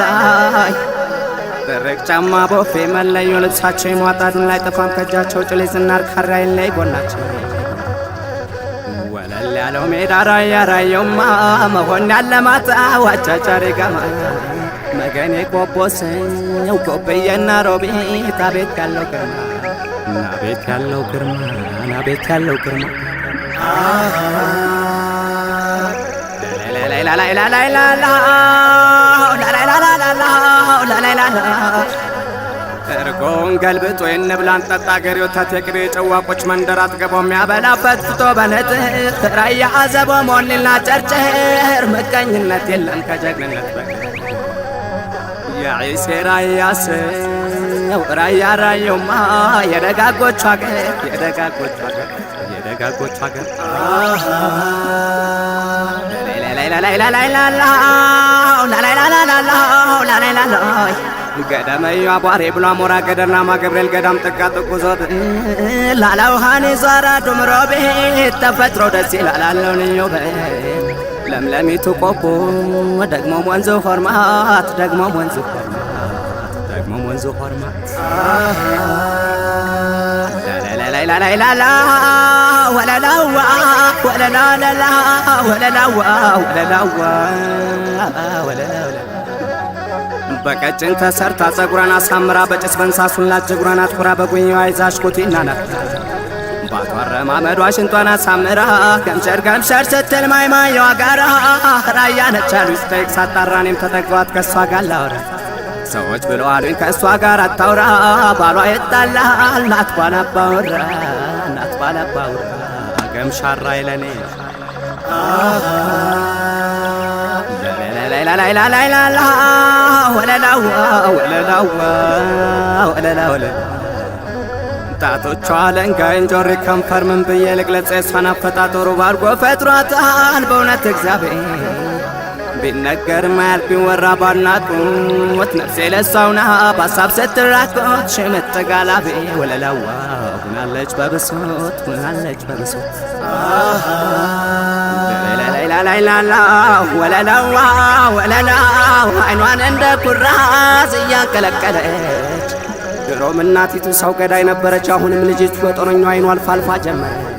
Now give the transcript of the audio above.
ላይ ደረቅ ጫማ ቦፌ መለዮ ልብሳቸው ላይ ጠፋም ከእጃቸው ጭሌ ዝናር ካራይ ላይ ጎናቸው ወለል ያለው ሜዳ ራያ ራየውማ መሆን ያለማታ ዋቻቻሪ ጋማ መገኔ አቤት ያለው ግርማ ያለው ግርማ ያለው ግርማ እርጎውን ገልብጦ የንብላን ጠጣ ገሬ ወታት ጨዋቆች መንደር አጥገቦ የሚያበላበት ፍቶ በነጥር ራያ አዘቦ ሞኒና ጨርጨር ምቀኝነት የለም ከጀግንነት በ የዒሴ ራያ ሰው ራያ ራየውማ የደጋጎቹ ሀገር የደጋጎቹ ሀገር የደጋጎቹ ሀገር ላይላላይላላይላላ ገደመዩ አቧሪ ብሎ አሞራ ገደናማ ገብርኤል ገዳም ጥቃ ጥቁሶት ላላውሃን ዛራ ዱምሮ ቤት ተፈጥሮ ደስ ይላላለው ልዩ ለምለሚቱ ቆቦ ደግሞም ወንዙ ሆርማት ደግሞም ወንዙ ሆርማት ደግሞም ወንዙ ሆርማት ላላላላላላላ ወለላዋ ወለላለላ ወለላዋ ወለላዋ በቀጭን ተሰርታ ጸጉሯን አሳምራ በጭስ በንሳሱላ ጅጉሯን አትኩራ በጉኛዋ ይዛሽ ኮቴና ናት ባቷ አረማመዷ ሽንጧን አሳምራ ገምሸር ገምሸር ስትል ማይማየዋ ጋራ ራያ ነቻሉ ስጠይቅ ሳጣራ እኔም ተጠጋኋት ከእሷ ጋር ላወራ ሰዎች ብለው ከእሷ ጋር አታውራ ባሏ ይጣላል ናት ባላባውራ ናት ባላባውራ ገምሻራይ ለኔ ጣቶቿ ለንጋይን ጆሪ ከንፈር ምን ብዬ ልግለጽ? የሷን አፈጣጠሩ ባርጎ ፈጥሯታል በእውነት እግዚአብሔር ቢነገር ማል ቢወራ ባናቁት ነፍሴ ለሳውና በሀሳብ ስትራቆት ሽምጥ ጋላፊ ወለላዋ ሁናለች በብሶት ሁናለች በብሶት ላላላላ ወለላዋ ወለላው አይኗን እንደ ኩራዝ እያንቀለቀለች ድሮም እናቲቱ ሰው ገዳይ ነበረች። አሁንም ልጅቱ በጦረኛው አይኗ አልፋ አልፋ ጀመረች